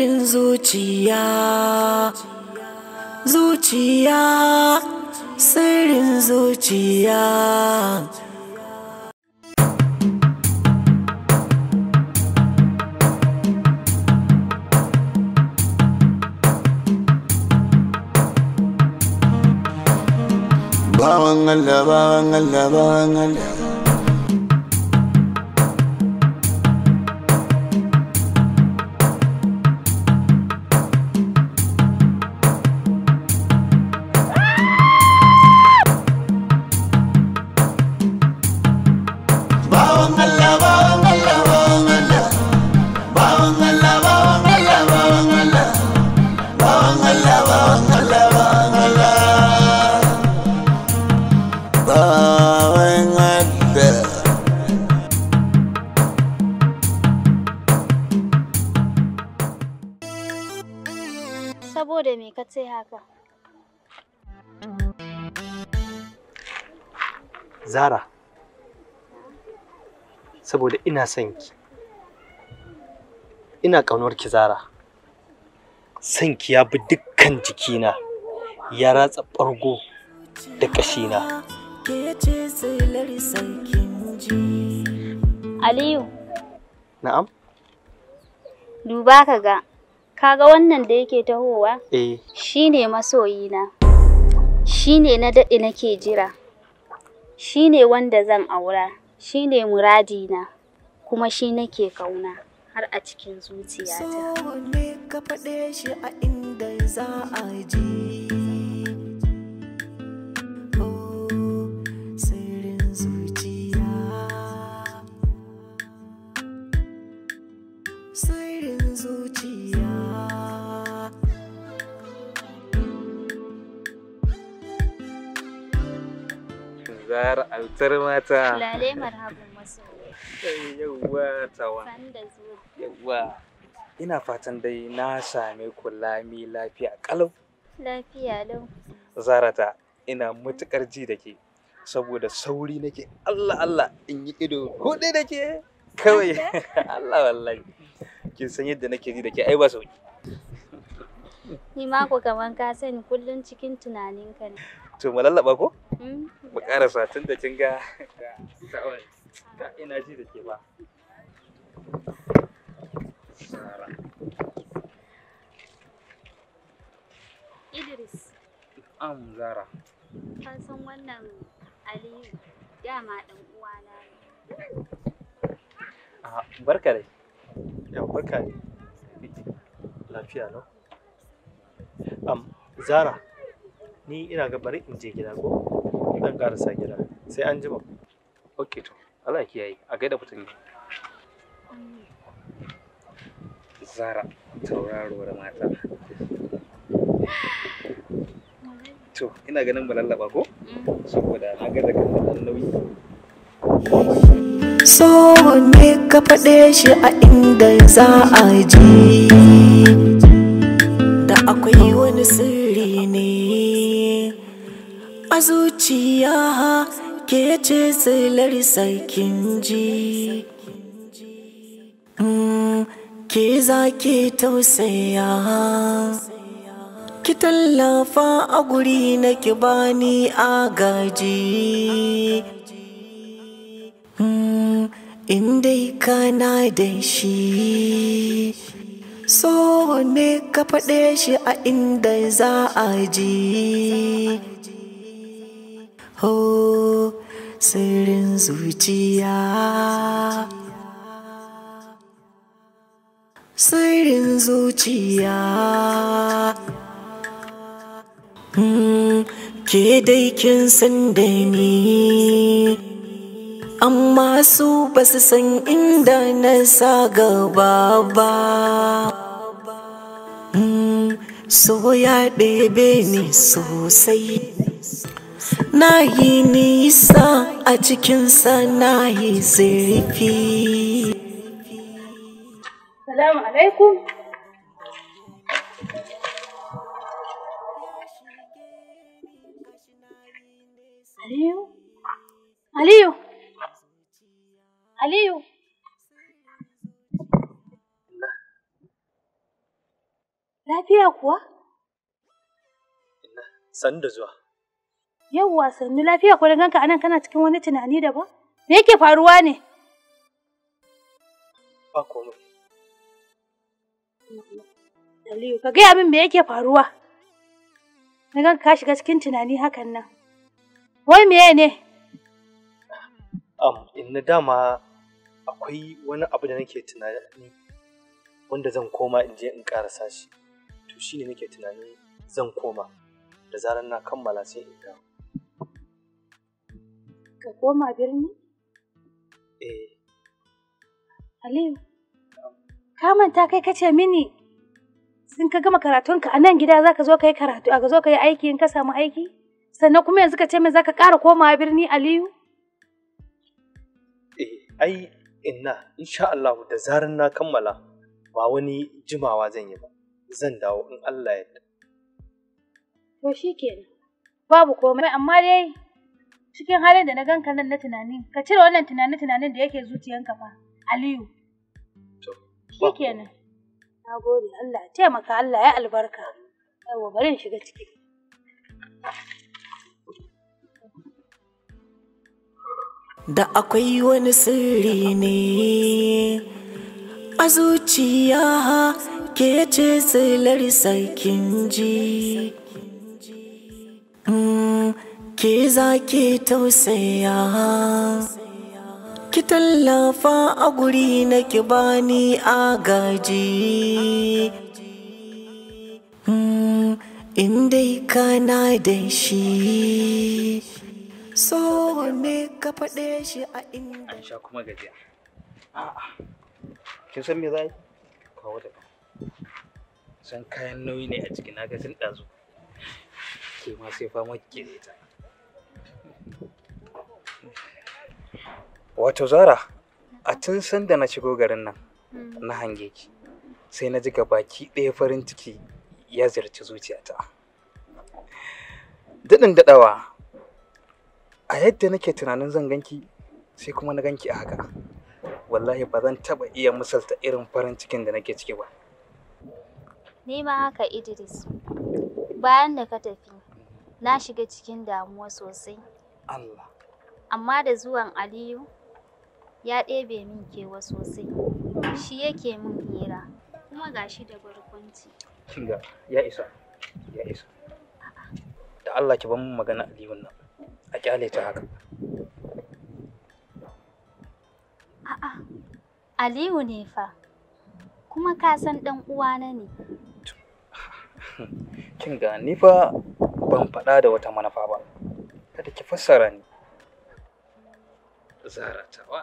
sirrin zuciya zuciya sirrin zuciya Bawan Allah, bawan Allah, bawan Allah. zara saboda ina son ki ina ƙaunar ki zara son ki ya bi dukkan jikina ya ratsa ɓargo da ƙashina Aliyu Na'am Duba ka ga kaga wannan da yake tahowa eh shine masoyina shine na daɗe nake jira Shi ne wanda zan aura, shi ne muradina, kuma shi nake kauna har a cikin zuciyata. So ka faɗe shi inda za a je. autar mata lale marhaban yawwa tawa yawwa ina fatan dai na same ku lami lafiya kalau lafiya lau zarata ina matukar ji da ke saboda sauri nake Allah Allah in yi ido hudu da ke kawai Allah wallahi ki san yadda nake ji da ke ai ba sauki ni ma ku kaman ka sani kullun cikin tunaninka ne to mu lallaba ko mu karasa tun da kin ga ina ji da ke ba Idris. Am Zara. Ka san wannan Aliyu dama ɗan uwana ne. Ah, barka dai. Yau barka ne. Lafiya lau. Am Zara, ni ina ga bari in je gida ko? zan karasa gida sai an jima ok to Allah kiyaye a gaida fitin zara tauraruwar mata to ina ganin balallaba ko saboda na ga da kan nauyi so ne ka faɗe shi a inda za a ji da akwai wani sirri zuciya ke ce silar sarkin ji mm, ke za ke tausaya ki tallafa a guri na ki bani agaji mm, in dai kana da shi so ne ka faɗe shi a inda za a ji ho sirrin zuciya sirrin zuciya hmm, ke dai kin san da ni amma su ba su san inda na sa gaba ba hmm, so ya ɗebe ni sosai na yi nisa a cikinsa na yi zurfi salamu alaikum Aliyu? Aliyu? Aliyu? Lafiya kuwa? Sanda zuwa. Yawwa sannu lafiya ko ganka anan kana cikin wani tunani daban? Me yake faruwa ne? Ba komai. Aliyu ka gaya min me yake faruwa? Na ganka ka shiga cikin tunani hakan nan. Wai meye ne? Um, inna dama akwai wani abu da nake tunani wanda zan koma in je in karasa shi. To shine nake tunani zan koma da zarar na kammala sai in dawo. ka koma birni? Eh. Aliyu, ka manta kai kace mini sun ka gama karatunka a nan gida za ka zo ka yi karatu, a ka zo ka yi aiki in ka samu aiki? Sannan kuma yanzu ka ce min za ka ƙara komawa birni Aliyu? Eh, ai, inna, insha Allah da zarar na kammala ba wani jimawa zan yi ba, zan dawo in Allah ya To shi kenan, babu komai amma dai cikin halin da na ganka nan na tunani ka cire wannan tunanin tunanin da yake zuciyanka fa aliyu kenan. na gode allah taimaka allah ya albarka yawa bari shiga ciki da akwai wani sirri ne a zuciya ke ce silar sarkin ji mm, ke za ki tausaya ki tallafa a guri na ki bani agaji hmm, in ka na da shi so ne ka faɗe shi a inda an sha kuma gajiya a'a kin san me za yi kawo da san kayan nauyi ne a jiki na ga tun ɗazu ke ma sai fama ke ta Wato Zara, a tun sanda na shigo garin nan, hmm. na hange ki, sai na ji baki ɗaya farin ciki ya ziyarci zuciyata. Daɗin daɗawa, a yadda nake tunanin zan ganki, sai kuma na ganki a haka. Wallahi ba zan taɓa iya misalta irin farin cikin da nake ciki ba. Ni ma haka Idris, bayan da ka tafi, na shiga cikin damuwa sosai. Allah. Amma da zuwan Aliyu ya ɗebe min kewa sosai. Shi yake min hira kuma ga shi da barkwanci. Shiga, ya isa, ya isa. Da Allah ki ban magana Aliyu nan. A kyale ta haka. A'a, Aliyu ne fa. Kuma ka san ɗan uwana ne. Kinga ni fa ban faɗa da wata manufa ba. kada ki fassara ni zaratawa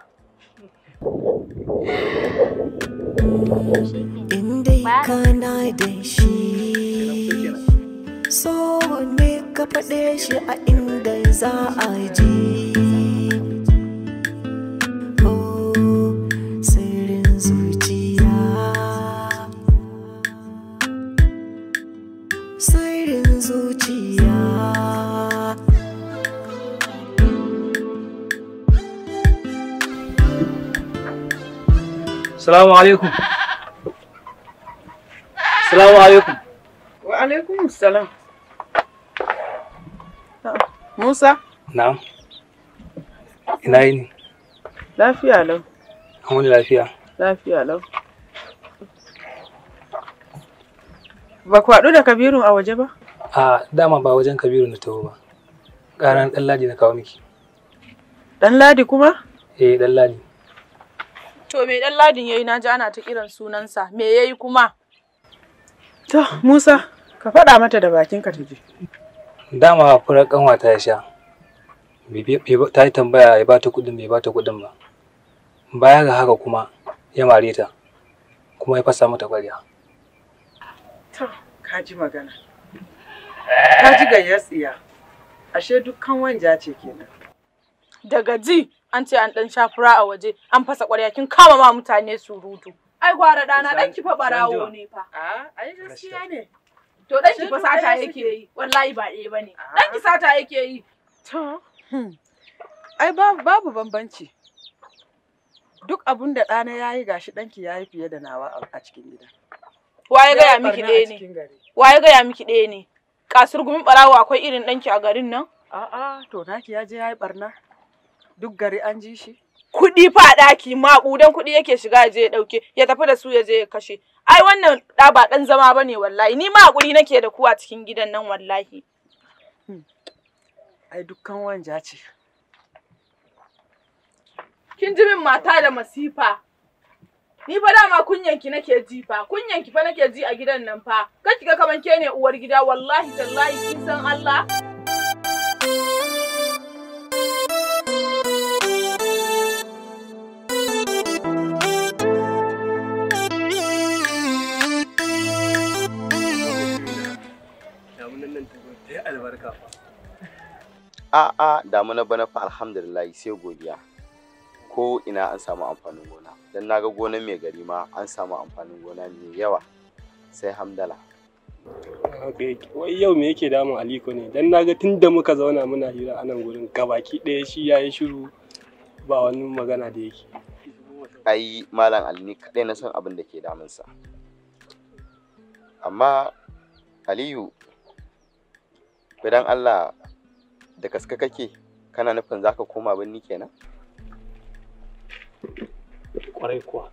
ka na da shi so ne ka faɗe shi a inda za a ji Salamu alaikum. Salamu alaikum. Wa alaikum salam. Ah, Musa? Na'am. Ina yini? Lafiya lau. An wani lafiya? Lafiya lau. Ba ku haɗu da Kabiru a waje ba? A dama ba wajen Kabiru na taho ba. Ƙaran ɗan ladi na kawo miki. Ɗan ladi kuma? Eh, ɗan ladi. To me dan ladin yayi na ji ana ta kiran sunansa. Me yayi kuma? To Musa, ka faɗa mata da bakin ta je. Dama furar kanwa ya sha. Ta yi tambaya ya bata kuɗin ba bata kuɗin ba. Baya ga haka kuma ya mare ta. Kuma ya fasa mata ƙwarya. To, ka ji magana. Ka ji gayyar tsiya. Ashe dukkan wanja ce kenan. Daga ji, an ce an dan shafura a waje an fasa ƙwarya kin kama ma mutane surutu ai gwara dana dan ki fa barawo ne fa a ah, ai gaskiya ne to dan ki fa sata yake yi wallahi ba eh bane dan ah. ki sata yake yi to hmm. ai babu babu bambanci duk abun da ɗana yayi gashi ɗanki yayi fiye da nawa a cikin gida waye gaya miki ɗaya ne waye gaya miki ɗaya ne kasur gumin barawo akwai irin ɗanki a garin nan a'a to naki ya je yayi barna Duk gari an ji shi? Kuɗi fa ɗaki maƙudan kuɗi yake shiga je ya ɗauke ya tafi da su ya je ya kashe. Ai wannan ɗa ba ɗan zama ba ne wallahi ni ma haƙuri nake da ku cikin gidan nan wallahi. Hmm. Ai dukkan wanja ce. Kin ji min mata da masifa. Ni fa dama kunyanki nake ji fa, kunyanki fa nake ji a gidan nan fa. Kar ki ga kaman ke ne uwar gida wallahi tallahi kin san Allah. a'a damuna bana fa alhamdulillah sai godiya ko ina an samu amfanin gona don naga gonan mai gari ma an samu amfanin gona mai yawa sai hamdala wai yau me yake damun aliko ne don naga tun da muka zauna muna hira a nan gurin gabaki ɗaya shi ya yi shiru ba wani magana da yake ai malam ali ne kaɗai na san abin da ke damunsa amma aliyu bidan allah da gaske kake kana nufin zaka koma birni kenan kwarai kuwa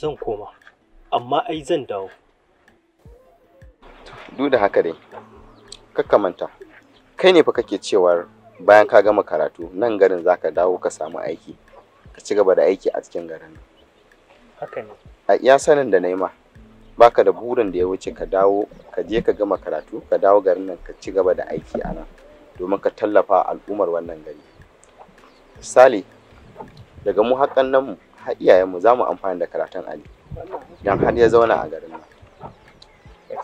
zan koma amma ai zan dawo duk da haka dai manta, kai ne fa kake cewar bayan ka gama karatu nan garin zaka dawo ka samu aiki ka ci gaba da aiki a cikin garin haka ne a iya sanin da naima baka da burin da ya wuce ka dawo ka je ka gama karatu ka dawo garin nan ka ci gaba da aiki a nan domin ka tallafa al'ummar wannan gari Sali, daga mu haƙan nan mu za mu amfani da karatun ali don har ya zauna a garin nan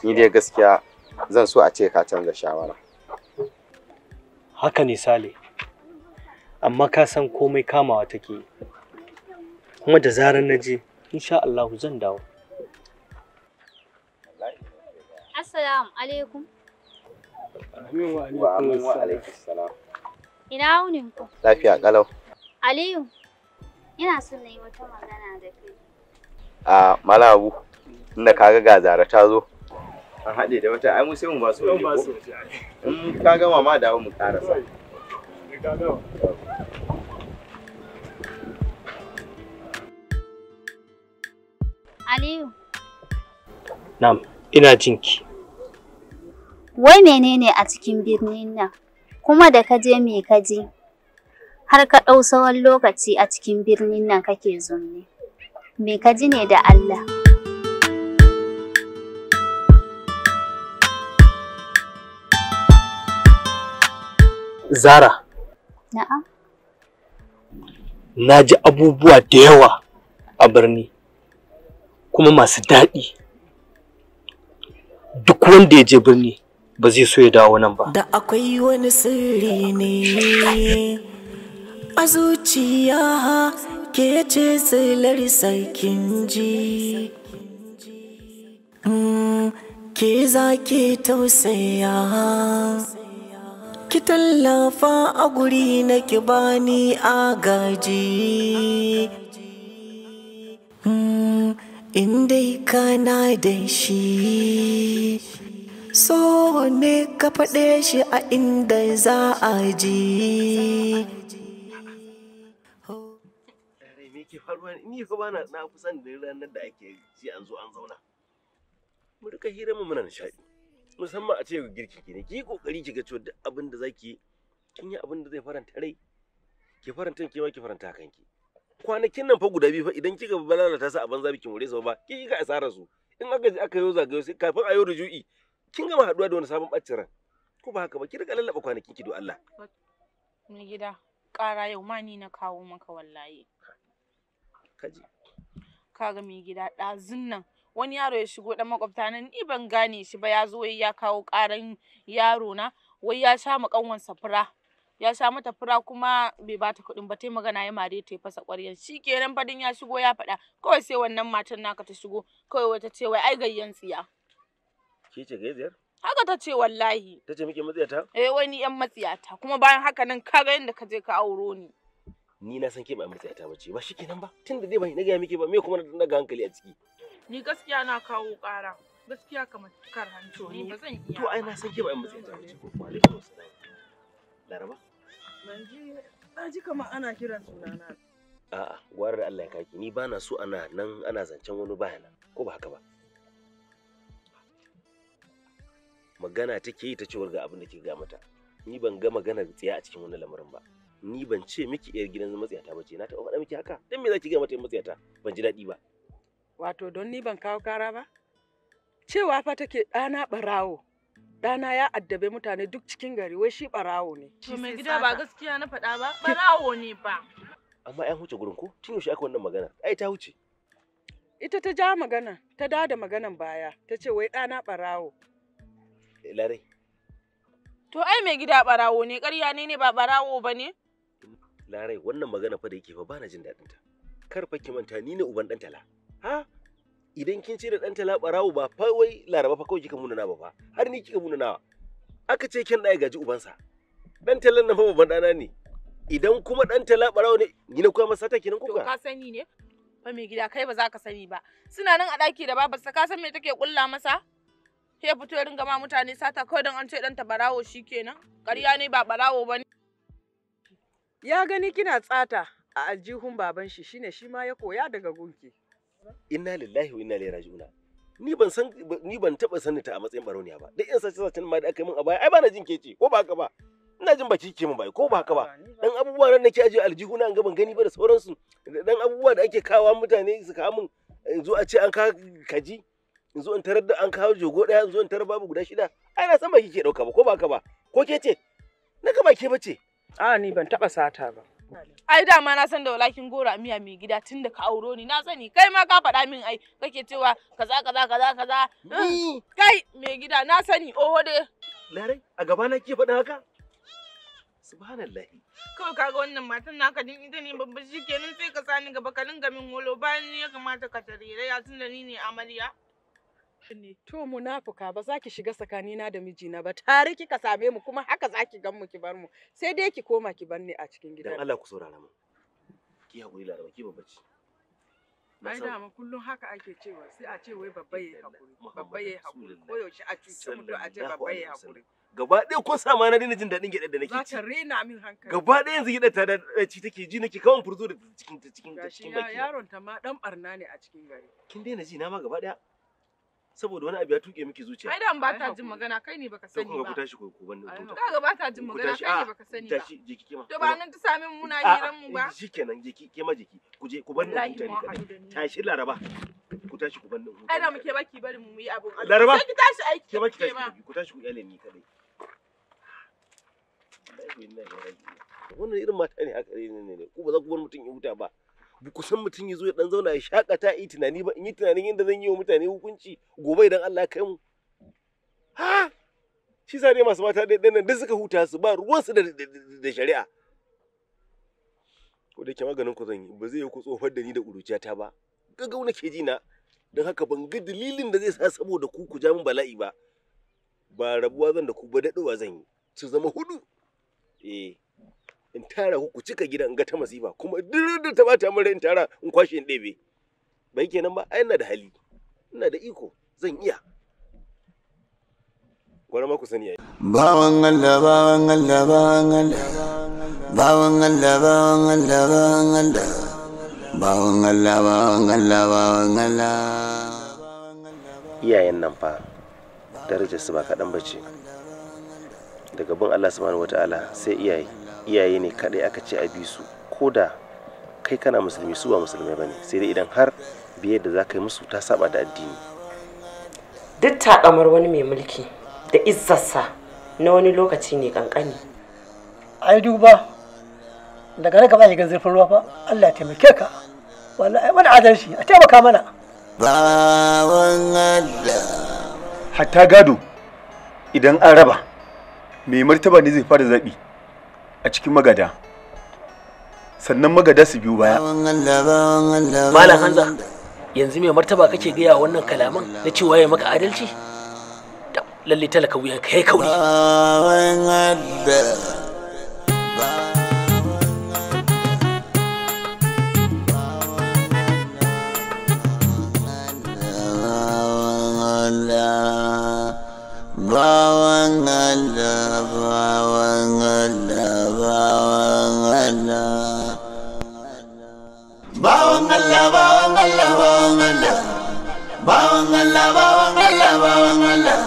ni dai gaskiya zan so a ce ka canza shawara haka ne sale amma ka san komai kamawa take kuma da zarar na je insha Allah zan dawo assalamu alaikum Wa amin Ina wunin ku? Lafiya kalau. Aliyu, ina son na yi wata magana da kai. A Malabu, inda kaga ga Zara ta zo. An haɗe da wata ai mu sai mu ba su waje ko? In ka gama ma dawo mu karasa. Aliyu. Na'am, ina jinki. wai menene a cikin birnin nan? Kuma da ka je me ka je? Har ka ɗau tsawon lokaci a cikin birnin nan kake zaune. Me ka ji ne da Allah? Zara. Na'am. Na ji abubuwa da yawa a birni, kuma masu daɗi. Duk wanda ya je birni ba zai so ya dawo nan ba da akwai wani sirri ne a zuciya ke ce silar sarkin ji mm, ke za ke tausaya ki tallafa a guri na ki bani agaji mm, in dai na da shi so ne ka faɗe shi a inda za a ji ke ba kusan da da ake an zo an zauna mu hira mu muna nishaɗi musamman a ce girki ki ne ki yi kokari ki ga cewa duk abin da zaki kin yi abin da zai faranta rai ki faranta ki ma ki faranta kanki kwanakin nan fa guda biyu fa idan kika ta sa a banza bikin mure su ba ki ka asarar su in aka je aka yo zagayo sai kafin a yo rujui kin gama haduwa da wani sabon bacin ran ko ba haka ba ki riga lallaba kwanakin ki do Allah ni gida kara yau ma ni na kawo maka wallahi kaji kaga mai gida ɗazun nan wani yaro ya shigo dan makwabta nan ni ban gane shi ba ya zo ya kawo karan yaro na wai ya sha ma kanwansa fura ya sha mata fura kuma bai ta kuɗin ba tai magana ya mare ta fasa ƙwaryan shi kenan fadin ya shigo ya faɗa kawai sai wannan matan naka ta shigo kawai wata ce wai ai gayyan tsiya Ke ce gaiziyar? Haka ta ce wallahi. Ta ce muke matsiyata? Eh wai ni yan matsiyata kuma bayan haka nan ka ga yadda ka je ka auro ni. Ni na san ke ba matsiyata ba ce ba shi kenan ba tunda dai bai na gaya miki ba me kuma na daga hankali a ciki. Ni gaskiya na kawo ƙara. Gaskiya kamar kar hanto ni ba zan iya. To ai na san ke ba matsiyata ba ce ko kuma alaikum salam. Laraba? Ban ji na ji kamar ana kiran sunana. A'a, gwara da Allah ya kaki ni ba na so ana nan ana zancen wani bayana ko ba haka ba. magana take yi ta cewar ga abin da ke ga mata ni ban ga da tsiya a cikin wannan lamarin ba ni ban ce miki yar gidan matsiyata ba ce na taɓa faɗa miki haka dan me zaki ga mata matsiyata ban ji daɗi ba wato don ni ban kawo kara ba cewa fa take ɗana ɓarawo ɗana ya addabe mutane duk cikin gari wai shi ɓarawo ne to mai gida ba gaskiya na faɗa ba ɓarawo ne ba amma ya huce gurin ko tun yaushe aka wannan magana ai ta huce ita ta ja magana ta da da maganan baya ta ce wai ɗana ɓarawo larai to ai mai gida barawo ne ƙarya ne ne ba barawo ba ne larai wannan magana fa da yake fa bana jin daɗin ta kar fa ki manta ni ne uban dan tala ha idan kin ce da dan tala barawo ba fa wai laraba fa kawai kika munana ba fa har ni kika munana aka ce kin da gaji ubansa dan talan nan fa babban dana ne idan kuma dan tala barawo ne ni ne kuma masa ta kenan kuka to ka sani ne fa mai gida kai ba za ka sani ba suna nan a daki da babarsa ka san me take kulla masa ya fito ya ringa ma mutane sata kawai don an ce ɗanta barawo kenan ƙarya ne ba barawo ba ne. ya gani kina tsata a aljihun baban shi shine shi ma ya koya daga gunki inna lillahi wa inna ilaihi raji'una ni ban san ni ban taba sanin ta a matsayin barauniya ba duk yan sace sacen ma da aka yi min a baya ai bana jin kece ko ba haka ba ina jin baki ke min bai ko ba haka ba dan abubuwa ran nake aje aljihuna an ga ban gani ba da sauransu dan abubuwa da ake kawo mutane su kawo min eh, zo a ce an ka kaji in zo in tarar da an kawo jogo ɗaya in zo in tarar babu guda shida ai na san ba kike ɗauka ba ko ba ka ba ko ke ce na ka ba ke bace a ni ban taɓa sata ba ai dama na san da walakin gora miya mai gida tun da ka auro ni na sani kai ma ka faɗa min ai kake cewa kaza kaza kaza kaza mm. kai mai gida na sani oho de larai a gaba na ke faɗin haka subhanallahi kawai kaga wannan matan naka din ita ne babba kenan sai ka sani gaba ka dinga min holo bayan ne ya kamata ka tarire ya tun da ni ne amarya ne. To munafuka ba za ki shiga tsakanina da mijina ba tare kika same mu kuma haka za ki gan mu ki bar mu sai dai ki koma ki bar ni a cikin gidan. Allah ku saurara mu. Ki hakuri laraba ki babba ce. Ai dama kullum haka ake cewa sai a ce wai babba yayi hakuri babba yayi hakuri ko yaushe a cuce to a ce babba yayi hakuri. gaba ɗaya ko sa ma na dina jin daɗin gyaɗar da nake ci. Za ta rena min hankali. Gaba ɗaya yanzu gyaɗar ta da ci take ji nake kawai furzo da cikin ta cikin ta cikin baki. Gashi yaron ta ma ɗan ɓarna ne a cikin gari. Kin daina ji na ma gaba ɗaya. saboda wani abu ya tuke miki zuciya. Ai dan ba ta jin magana kai ne baka sani ba. Kuma ku tashi ku ku ban Kaga ba ta jin magana kai ne ah, baka sani ba. Tashi jiki kima. To ba nan ta sami muna ah, hiran mu ba. Ah, shikenan jiki kima jiki. Ku je ku bani ku tashi. Tashi Laraba. Ku tashi ku bani nan. Ai da muke baki bari mu yi abu. Laraba. Sai ki tashi aiki. Ke baki tashi ku tashi ku yale ni kadai. Wannan irin mata ne haka ne ne ku ba za ku bar mutum ya huta ba. Bukusan mutum ya zo ya dan zauna ya shakata yi tunani ba in yi tunanin yadda zan yi wa mutane hukunci gobe idan Allah ya kai mu ha shi sa ne masu mata ɗaya nan duk suka huta su ba ruwan su da shari'a ko da ke maganin ku zan yi ba zai yi ku tsofar da ni da ƙuruciyata ba gaggau ke ji na don haka ban ga dalilin da zai sa saboda ku ku ja min bala'i ba ba rabuwa zan da ku ba daɗewa zan yi su zama hudu eh in tara ku ku cika gidan in ga ta masifa kuma duk da ta bata rai in tara in kwashe in ɗebe bai kenan ba ai ina da hali ina da iko zan iya gwara ma ku sani yayi bawan Allah bawan Allah bawan Allah bawan Allah bawan Allah bawan Allah bawan Allah bawan Allah bawan Allah iyayen nan fa darajar su ba kaɗan bace daga bin Allah subhanahu wataala sai iyaye iyaye ne kadai aka ce a bi su ko da kai kana musulmi su ba musulmai ba ne sai dai idan har biye da za ka yi musu ta saba da addini duk takamar wani mai mulki da izzarsa na wani lokaci ne kankani ai duba daga raka ba shiga zurfin ruwa ba Allah ya taimake ka wallahi mana adalci a taimaka mana bawan Allah hatta gado idan an raba mai martaba ne zai fara zabi a cikin magada sannan magada su biyu baya malam hanza yanzu mai martaba kake gaya wannan kalaman na cewa ya maka adalci lalle talaka wuyan ka yi kauri Allah Allah bawan Allah bawan Allah bawan Allah bawan Allah bawan Allah bawan Allah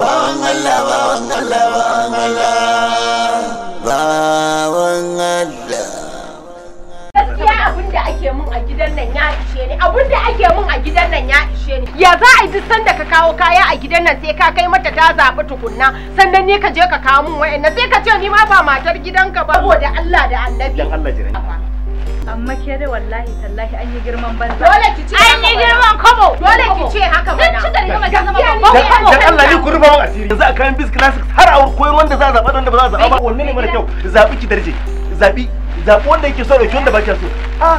bawan Allah bawan Allah bawan Allah bawan Allah gaskiya abin da ake mun a gidan nan ya abun da ake mun a gidan nan ya ishe ni ya za a duk sanda ka kawo kaya a gidan nan sai ka kai mata ta zaɓi tukunna sannan ne ka je ka kawo mun wa'annan sai ka ce ni ma ba matar gidanka ba saboda Allah da annabi dan Allah jira amma ke dai wallahi tallahi an yi girman banza dole ki ce an yi girman kobo dole ki ce haka mana ci da rigama ta zama babban kobo dan Allah ni ku rufa mun asiri yanzu a kayan bis classics har a koyon wanda za a zaɓa wanda ba za a zaɓa ba wanne ne mara kyau zaɓi ki darje zaɓi zaɓi wanda yake so da wanda ba kya so ah